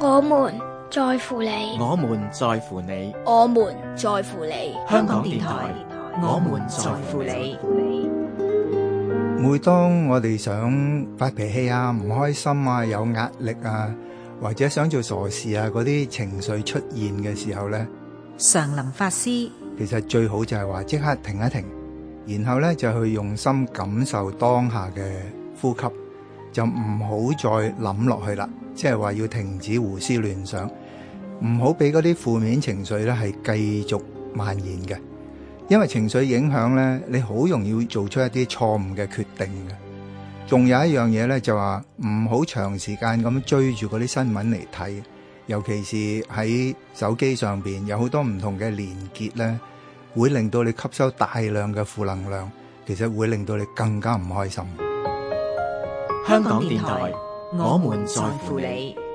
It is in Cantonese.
我們在乎你，我們在乎你，我們在乎你。香港電台我們在乎你。電台 每當我哋想發脾氣啊、唔開心啊、有壓力啊，或者想做傻事啊，嗰啲情緒出現嘅時候呢，常霖法師，其實最好就係話即刻停一停，然後呢就去用心感受當下嘅呼吸。就唔好再諗落去啦，即係話要停止胡思亂想，唔好俾嗰啲負面情緒咧，係繼續蔓延嘅。因為情緒影響咧，你好容易會做出一啲錯誤嘅決定嘅。仲有一樣嘢咧，就話唔好長時間咁追住嗰啲新聞嚟睇，尤其是喺手機上邊有好多唔同嘅連結咧，會令到你吸收大量嘅負能量，其實會令到你更加唔開心。香港電台，我們在乎你。